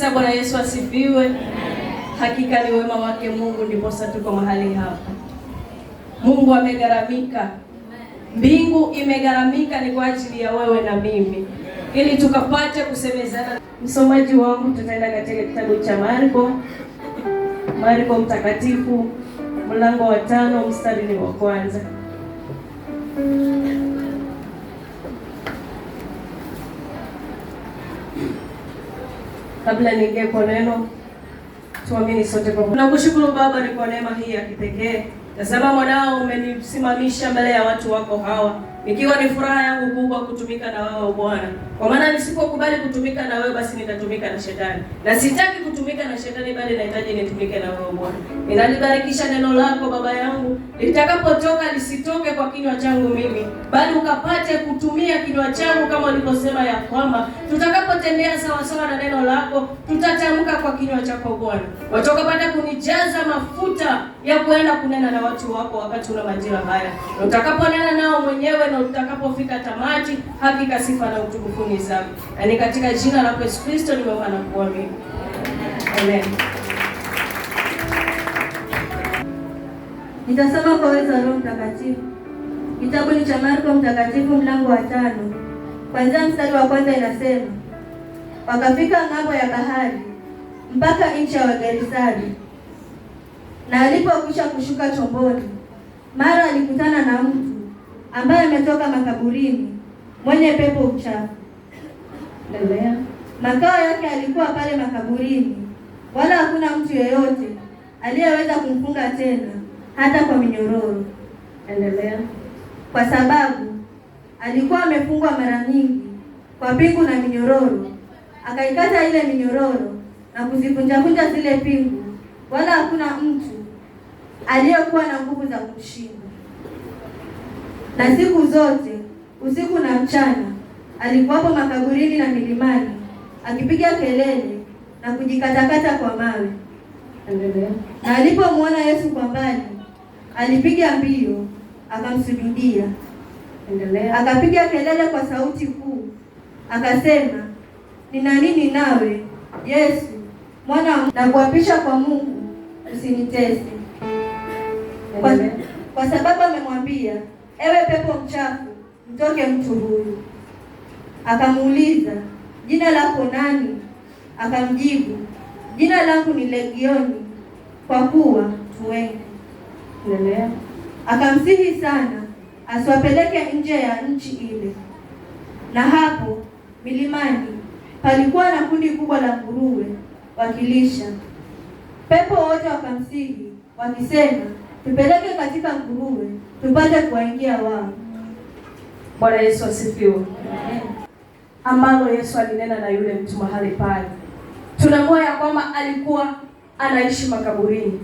kabisa. Bwana Yesu asifiwe. Hakika ni wema wake Mungu ndiposa tuko mahali hapa. Mungu amegharamika, mbingu imegharamika, ni kwa ajili ya wewe na mimi, ili tukapate kusemezana. Msomaji wangu, tutaenda katika kitabu cha Marko, Marko mtakatifu mlango wa tano mstari ni wa kwanza. Kabla niingie kwa neno, tuamini sote Mungu. Nakushukuru Baba ni kwa neema hii ya kipekee, Tazama mwanao umenisimamisha mbele ya watu wako hawa, ikiwa ni furaha yangu kubwa kutumika na wao Bwana. Kwa maana nisipokubali kutumika na wewe, basi nitatumika na shetani, na sitaki kutumika na shetani, bali nahitaji nitumike na wewe Bwana. Ninalibarikisha neno lako Baba yangu, litakapotoka lisitoke kwa kinywa changu mimi, bali ukapate kutumia kinywa changu kama ulivyosema ya kwamba tutakapotembea sawasawa na neno lako tutatamka kwa kinywa chako Bwana, watakapata kunijaza mafuta ya kuenda kunena na watu wako wakati una majira haya, utakaponena nao mwenyewe na utakapofika tamati, hakika sifa na utukufu kampuni Na ni katika jina la Yesu Kristo nimeomba na kuamini. Amen. Nitasoma kwa uwezo wa Roho Mtakatifu. Kitabu cha Marko Mtakatifu mlango wa tano kwanzia mstari wa kwanza inasema, wakafika ng'ambo ya bahari mpaka nchi ya Wagerisari, na alipokwisha kushuka chomboni, mara alikutana na mtu ambaye ametoka makaburini mwenye pepo uchafu Endelea. Makao yake alikuwa pale makaburini, wala hakuna mtu yeyote aliyeweza kumfunga tena, hata kwa minyororo. Endelea. Kwa sababu alikuwa amefungwa mara nyingi kwa pingu na minyororo, akaikata ile minyororo na kuzikunjakunja zile pingu, wala hakuna mtu aliyekuwa na nguvu za kumshinda. Na siku zote usiku na mchana alikuwapo makaburini na milimani akipiga kelele na kujikatakata kwa mawe. Na alipomwona Yesu kwa mbali, alipiga mbio akamsujudia. Akapiga kelele kwa sauti kuu akasema, nina nini nawe Yesu mwana na kuapisha kwa Mungu usinitese, kwa, kwa sababu amemwambia, ewe pepo mchafu mtoke mtu huyu. Akamuuliza, jina lako nani? Akamjibu, jina langu ni Legioni, kwa kuwa tu wengi. Akamsihi sana asiwapeleke nje ya nchi ile. Na hapo milimani palikuwa na kundi kubwa la nguruwe wakilisha. Pepo wote wakamsihi wakisema, tupeleke katika nguruwe tupate kuwaingia wao. Bwana Yesu asifiwe. Amen ambalo Yesu alinena na yule mtu mahali pale. Tunamua ya kwamba alikuwa anaishi makaburini,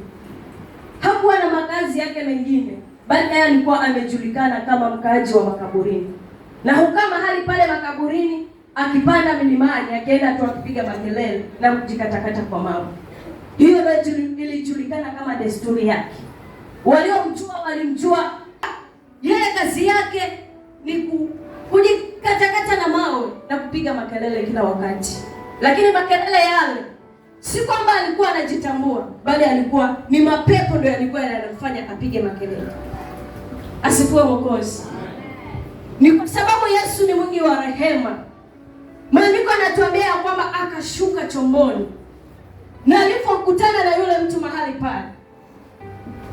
hakuwa na makazi yake mengine, bali yeye alikuwa amejulikana kama mkaaji wa makaburini, na hukaa mahali pale makaburini, akipanda milimani, akienda tu akipiga makelele na kujikatakata kwa mawe. Hiyo ilijulikana kama desturi yake. Waliomjua walimjua yeye, kazi yake ni ku, kujik, kukatakata na mawe na kupiga makelele kila wakati, lakini makelele yale si kwamba alikuwa anajitambua, bali alikuwa ni mapepo ndio yalikuwa yanamfanya apige makelele. Asifiwe Mwokozi. Ni kwa sababu Yesu ni mwingi wa rehema. Maandiko anatuambia kwamba akashuka chomboni na alipokutana na yule mtu mahali pale,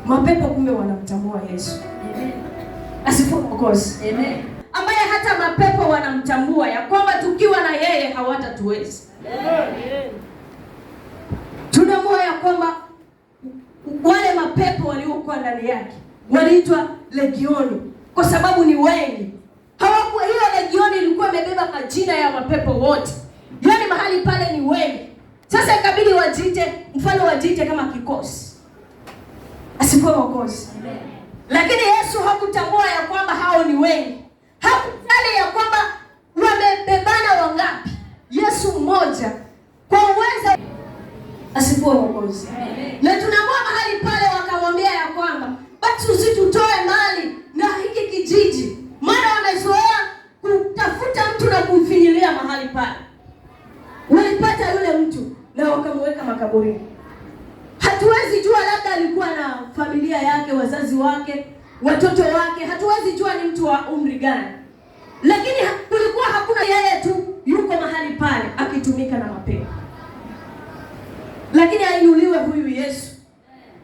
mapepo kumbe wanamtambua Yesu. Asifiwe Mwokozi. Amen hata mapepo wanamtambua ya kwamba tukiwa na yeye hawatatuweza. Tunamua ya kwamba wale mapepo waliokuwa ndani yake waliitwa legioni kwa sababu ni wengi. Hawakuwa hiyo legioni ilikuwa imebeba majina ya mapepo wote, yaani mahali pale ni wengi. Sasa ikabidi wajite, mfano wajite kama kikosi, asikuwa wakosi. Lakini Yesu hakutambua ya kwamba hao ni wengi hakujali ya kwamba wamebebana wangapi. Yesu mmoja kwa uweza asifuwe Mwokozi. Na tunakuwa mahali pale, wakamwambia ya kwamba basi usitutoe mali na hiki kijiji, mara wamezoea kutafuta mtu na kumfinyilia mahali pale. Walipata yule mtu na wakamweka makaburini. Hatuwezi jua, labda alikuwa na familia yake, wazazi wake watoto wake, hatuwezi jua ni mtu wa umri gani, lakini kulikuwa hakuna yeye tu yuko mahali pale akitumika na mapepo. Lakini ainuliwe huyu Yesu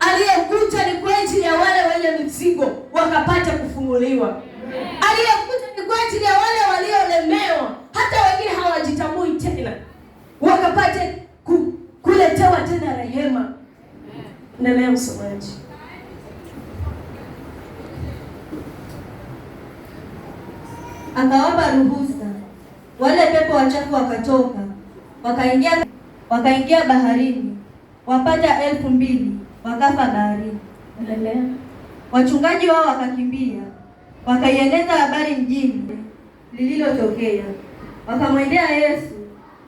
aliyekuja ni kwa ajili ya wale wenye mizigo wakapata kufunguliwa, aliyekuja ni kwa ajili ya wale waliolemewa, hata wengine hawajitambui tena, wakapate ku, kuletewa tena rehema. Na leo msomaji akawapa ruhusa. Wale pepo wachafu wakatoka wakaingia wakaingia baharini, wapata elfu mbili wakafa baharini. Wachungaji wao wakakimbia wakaieneza habari mjini lililotokea, wakamwendea Yesu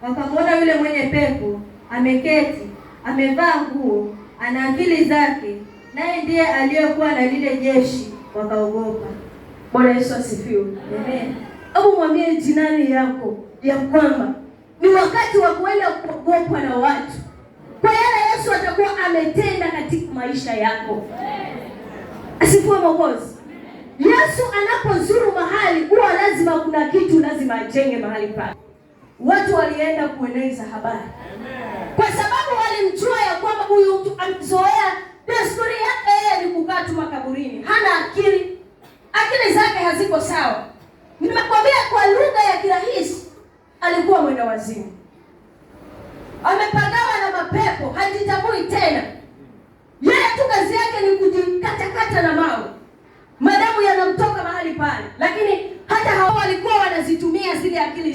wakamwona yule mwenye pepo ameketi, amevaa nguo, ana akili zake, naye ndiye aliyekuwa na lile jeshi, wakaogopa. Bwana Yesu asifiwe. Amen. Hebu mwambie jinani yako ya kwamba ni wakati wa kuenda kuogopwa na watu kwa yale Yesu atakuwa ametenda katika maisha yako. Asifiwe Mwokozi. Yesu anapozuru mahali huwa lazima kuna kitu, lazima ajenge mahali pale. Watu walienda kueneza habari kwa sababu walimjua ya kwamba huyu mtu amzoea desturi yake yeye ni kukaa tu makaburini, hana akili akili zake haziko sawa. Nimekwambia kwa lugha ya kirahisi, alikuwa mwenda wazimu, amepagawa na mapepo, hajitambui tena. Yeye tu kazi yake ni kujikatakata na mawe, madamu yanamtoka mahali pale, lakini hata hao walikuwa wanazitumia zile akili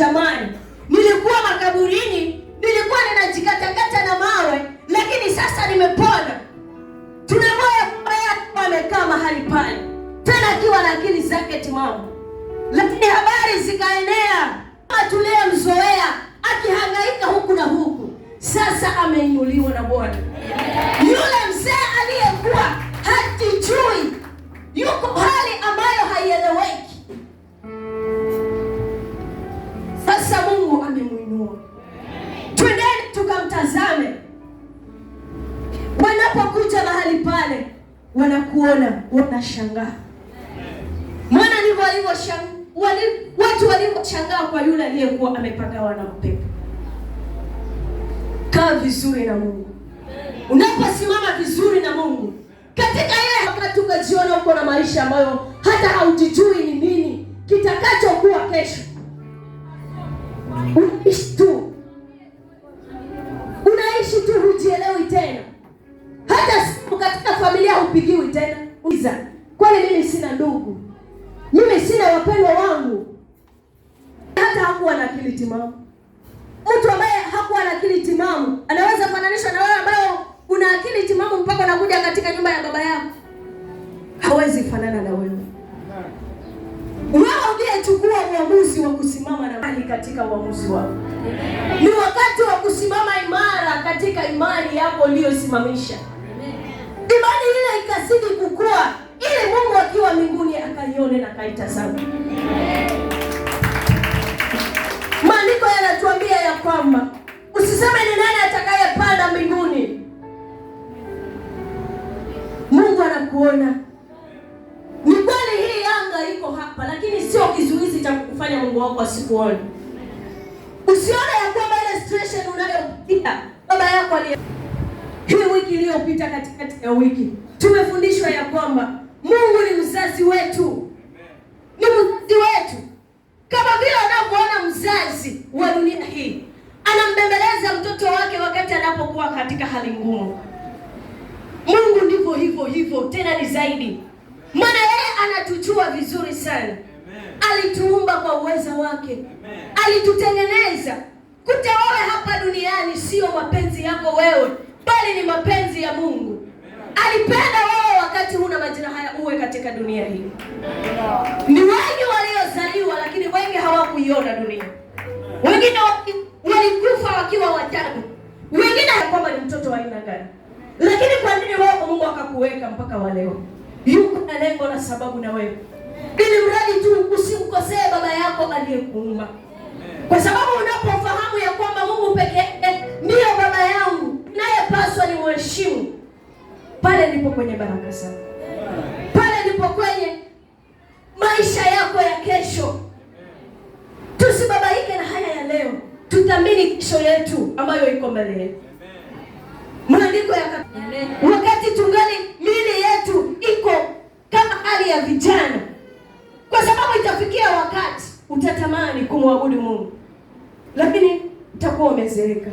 Jamani, Twendeni tukamtazame. Wanapokuja mahali pale, wanakuona wanashangaa. Mwana ndivyo alivyoshangaa wali, watu walivyoshangaa kwa yule aliyekuwa amepagawa na upepo. Kaa vizuri na Mungu, unaposimama vizuri na Mungu katika ile wakati ukajiona uko na maisha ambayo hata haujijui ni nini kitakachokuwa kesho unaishi tu, unaishi tu, hujielewi tena. Hata simu katika familia hupigiwi tena. Uliza, kwani mimi sina ndugu? Mimi sina wapendwa wangu? Hata hakuwa na akili timamu. Mtu ambaye hakuwa na akili timamu anaweza kufananishwa na wewe ambao una akili timamu mpaka unakuja katika nyumba ya baba yako, hawezi fanana na wewe. Wewe chukua uamuzi wa kusimama na hali katika uamuzi wako, ni wakati wa kusimama imara katika imani yako uliyosimamisha. Imani ile ikazidi kukua, ili Mungu akiwa mbinguni akaione na akaitazama. Maandiko yanatuambia ya kwamba usiseme ni nani atakayepanda mbinguni. Mungu anakuona. unayemfanya Mungu wako asikuone. Usione ya kwamba ile situation unayopitia baba yako aliye. Hii wiki iliyopita, katikati ya wiki, tumefundishwa ya kwamba Mungu ni mzazi wetu, ni mzazi wetu kama vile anavyoona mzazi wa dunia hii anambembeleza mtoto wake wakati anapokuwa katika hali ngumu. Mungu ndivyo hivyo hivyo, tena ni zaidi, maana yeye anatujua vizuri sana alituumba kwa uweza wake Amen. Alitutengeneza kute wewe hapa duniani sio mapenzi yako wewe, bali ni mapenzi ya Mungu Alipenda wewe wakati huna majina haya uwe katika dunia hii. Ni wengi waliozaliwa, lakini wengi hawakuiona dunia. Wengine walikufa wakiwa watatu, wengine kwamba ni mtoto wa aina gani, lakini kwa nini wewe Mungu akakuweka mpaka wa leo? Yuko na lengo na sababu na wewe ili mradi tu usimkosee baba yako aliyekuumba, kwa sababu unapofahamu ya kwamba Mungu pekee eh, ndiyo baba yangu nayepaswa ni mheshimu, pale ndipo kwenye baraka zako, pale ndipo kwenye maisha yako ya kesho. Tusibabaike na haya ya leo, tuthamini kesho yetu ambayo iko mbele yetu. Maandiko ya wakati tungali mili yetu iko kama hali ya vijana kwa sababu itafikia wakati utatamani kumwabudu Mungu, lakini utakuwa umezeeka.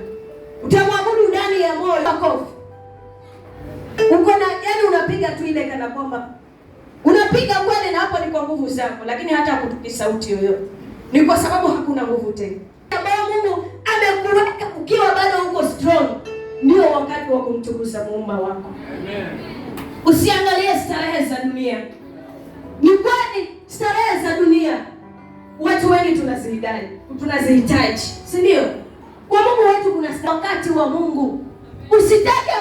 Utamwabudu ndani ya moyo wako, uko na yani, unapiga tu ile kana kwamba unapiga kweli, na hapo ni kwa nguvu zako, lakini hata hakutoki sauti yoyote, ni kwa sababu hakuna nguvu tena ambayo Mungu amekuweka ukiwa bado uko strong. Ndio wakati wa kumtukuza muumba wako. Amen. Usiangalie starehe za dunia, ni kweli starehe za dunia watu wengi tunazihitaji, tunazihitaji, si ndio? Kwa Mungu wetu kuna wakati wa Mungu. Usitake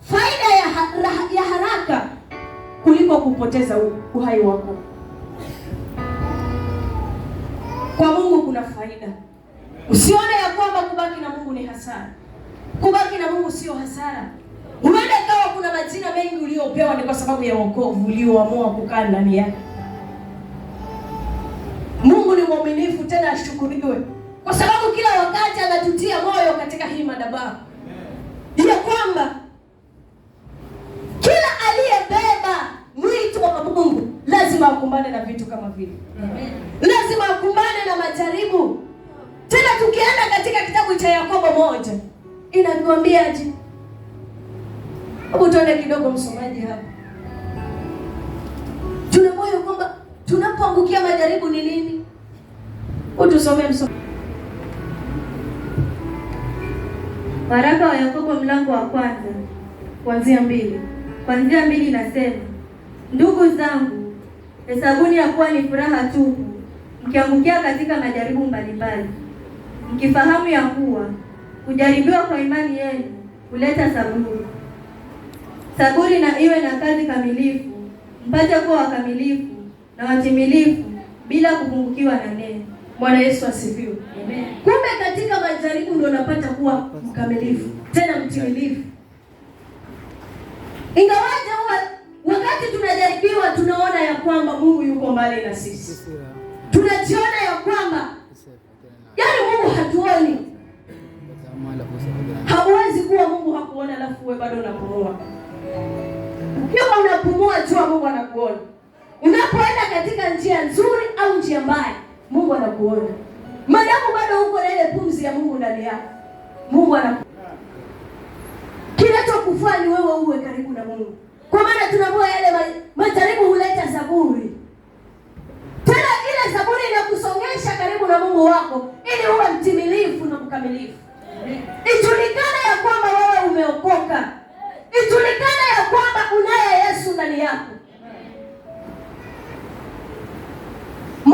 faida ya, ha ya haraka kuliko kupoteza uhai wako. Kwa Mungu kuna faida. Usione ya kwamba kubaki na Mungu ni hasara. Kubaki na Mungu sio hasara. Huenda ikawa kuna majina mengi uliopewa ni kwa sababu ya wokovu ulioamua kukaa ndani yake ni mwaminifu tena ashukuriwe, kwa sababu kila wakati anatutia moyo katika hii madhabahu ya kwamba kila aliyebeba mwito wa Mungu lazima akumbane na vitu kama vile, lazima akumbane na majaribu. Tena tukienda katika kitabu cha Yakobo moja inatuambiaje? Hebu tuende kidogo, msomaji hapa. Tunamoyo kwamba tunapoangukia majaribu ni nini? utusomee msomo waraka wa Yakobo mlango wa kwanza kuanzia mbili kuanzia mbili sema ndugu zangu, hesabuni ya kuwa ni furaha tupu mkiangukia katika majaribu mbalimbali, mkifahamu ya kuwa kujaribiwa kwa imani yenu huleta saburi. Saburi na iwe na kazi kamilifu, mpate kuwa wakamilifu na watimilifu bila kupungukiwa na neno. Bwana Yesu asifiwe. Amen. Kumbe katika majaribu ndio unapata kuwa mkamilifu tena mtimilifu. Ingawaje huwa wakati tunajaribiwa tunaona ya kwamba Mungu yuko mbali na sisi, tunajiona ya kwamba yaani Mungu hatuoni. Hauwezi kuwa Mungu hakuona alafu wewe bado unapumua. Ukiwa unapumua, jua Mungu anakuona unapoenda katika njia nzuri au njia mbaya Mungu anakuona madamu bado uko na ile pumzi ya Mungu ndani yako. Mungu ana kinachokufaa ni wewe uwe karibu na Mungu, kwa maana tunaambiwa yale majaribu huleta zaburi. Tena ile zaburi inakusongesha karibu na Mungu wako, ili uwe mtimilifu na mkamilifu. Ijulikane ya kwamba wewe umeokoka, ijulikane ya kwamba unaye Yesu ndani yako.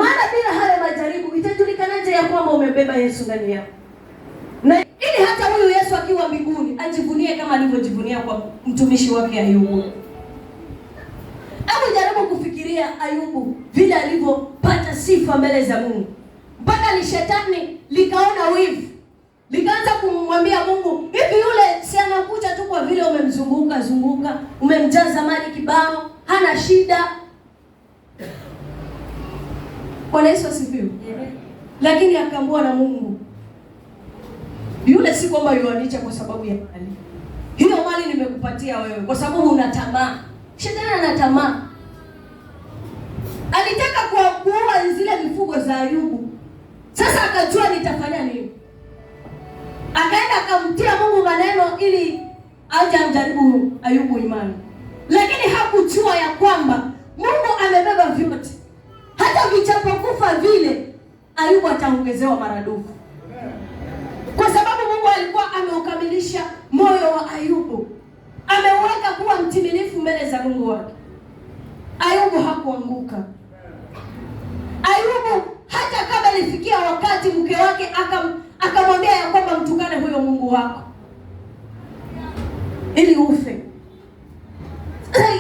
Maana bila haya majaribu itajulikanaje ya kwamba umebeba Yesu ndani yako? Na ili hata huyu Yesu akiwa mbinguni ajivunie kama alivyojivunia kwa mtumishi wake Ayubu. Hebu jaribu kufikiria Ayubu vile alivyopata sifa mbele za Mungu, mpaka ni shetani likaona wivu, likaanza kumwambia Mungu, hivi yule si anakuja tu kwa vile umemzunguka zunguka, umemjaza mali kibao, hana shida Bwana Yesu asifiwe. Lakini akaambiwa na Mungu, yule si kwamba yuanicha kwa sababu ya mali hiyo, mali nimekupatia wewe kwa sababu una tamaa. Shetani ana tamaa, alitaka kuua zile mifugo za Ayubu. Sasa akajua nitafanya nini, akaenda akamtia Mungu maneno ili aje amjaribu Ayubu imani, lakini hakujua ya kwamba Mungu amebeba vyote hata kichapokufa vile Ayubu ataongezewa maradufu, kwa sababu Mungu alikuwa ameukamilisha moyo wa Ayubu, ameuweka kuwa mtimilifu mbele za Mungu wake. Ayubu hakuanguka. Ayubu hata kama ilifikia wakati mke wake akamwambia ya kwamba mtukane huyo Mungu wako ili ufe.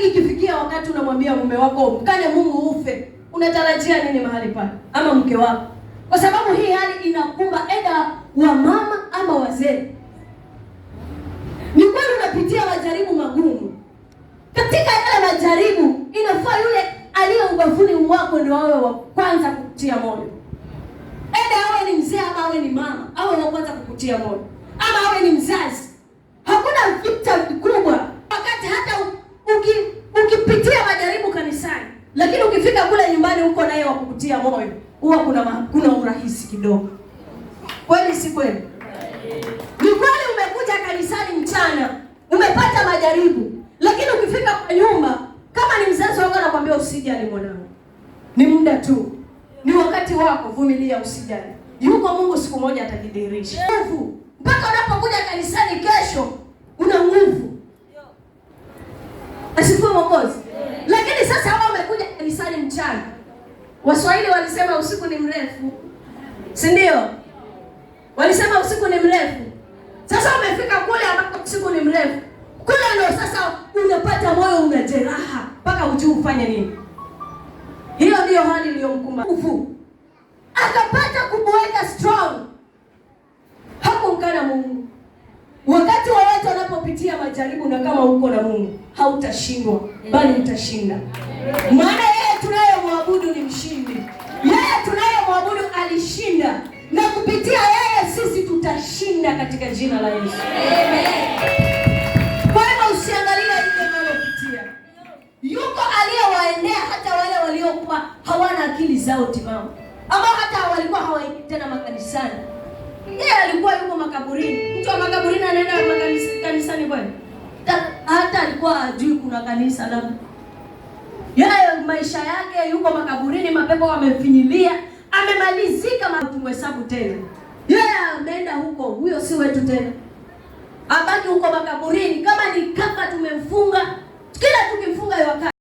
Ikifikia wakati unamwambia mume wako mkane Mungu ufe unatarajia nini mahali pale, ama mke wako? Kwa sababu hii hali inakumba eda wa mama ama wazee. Ni kweli unapitia majaribu magumu. Katika yale majaribu, inafaa yule aliye ubavuni mwako ndio awe wa kwanza kukutia moyo. Eda awe ni mzee ama awe ni mama, awe wa kwanza kukutia moyo, ama awe ni mzazi. Hakuna vita wale uko naye wa kukutia moyo huwa kuna ma, kuna urahisi kidogo. Kweli si kweli? Ni kweli, umekuja kanisani mchana, umepata majaribu, lakini ukifika kwa nyumba, kama ni mzazi wako anakwambia usijali mwanangu, ni muda tu, ni wakati wako, vumilia, usijali, yuko Mungu, siku moja atajidhihirisha. Nguvu mpaka unapokuja kanisani kesho, una nguvu. Asifiwe Mwokozi. Lakini sasa, hapa umekuja kanisani mchana Waswahili walisema usiku ni mrefu, si ndio? Walisema usiku ni mrefu. Sasa umefika kule ambako usiku ni mrefu, kule ndio sasa unapata moyo una jeraha mpaka ujui ufanye nini. Hiyo ndiyo hali iliyomkumba ufu, akapata kuboeka strong. Hakumkana Mungu wakati wowote wa unapopitia majaribu, na kama uko na Mungu hautashindwa, bali utashinda, maana yeye tunaye tunayemwabudu ni mshindi. Yeye tunayemwabudu alishinda, na kupitia yeye sisi tutashinda katika jina la Yesu. Kwa hiyo usiangalia ile unalopitia, yuko aliyewaendea hata wale waliokuwa hawana akili zao timamu, ambao hata walikuwa hawaendi tena makanisani. Yeye alikuwa yuko makaburini. Mtu wa makaburini anaenda makanisani kweli? Hata alikuwa ajui kuna kanisa labda yeye maisha yake yuko makaburini, mapepo wamefinyilia, amemalizika. Tumhesabu tena yeye, ameenda huko, huyo si wetu tena, abaki huko makaburini. Kama ni kaka, tumemfunga kila tukimfunga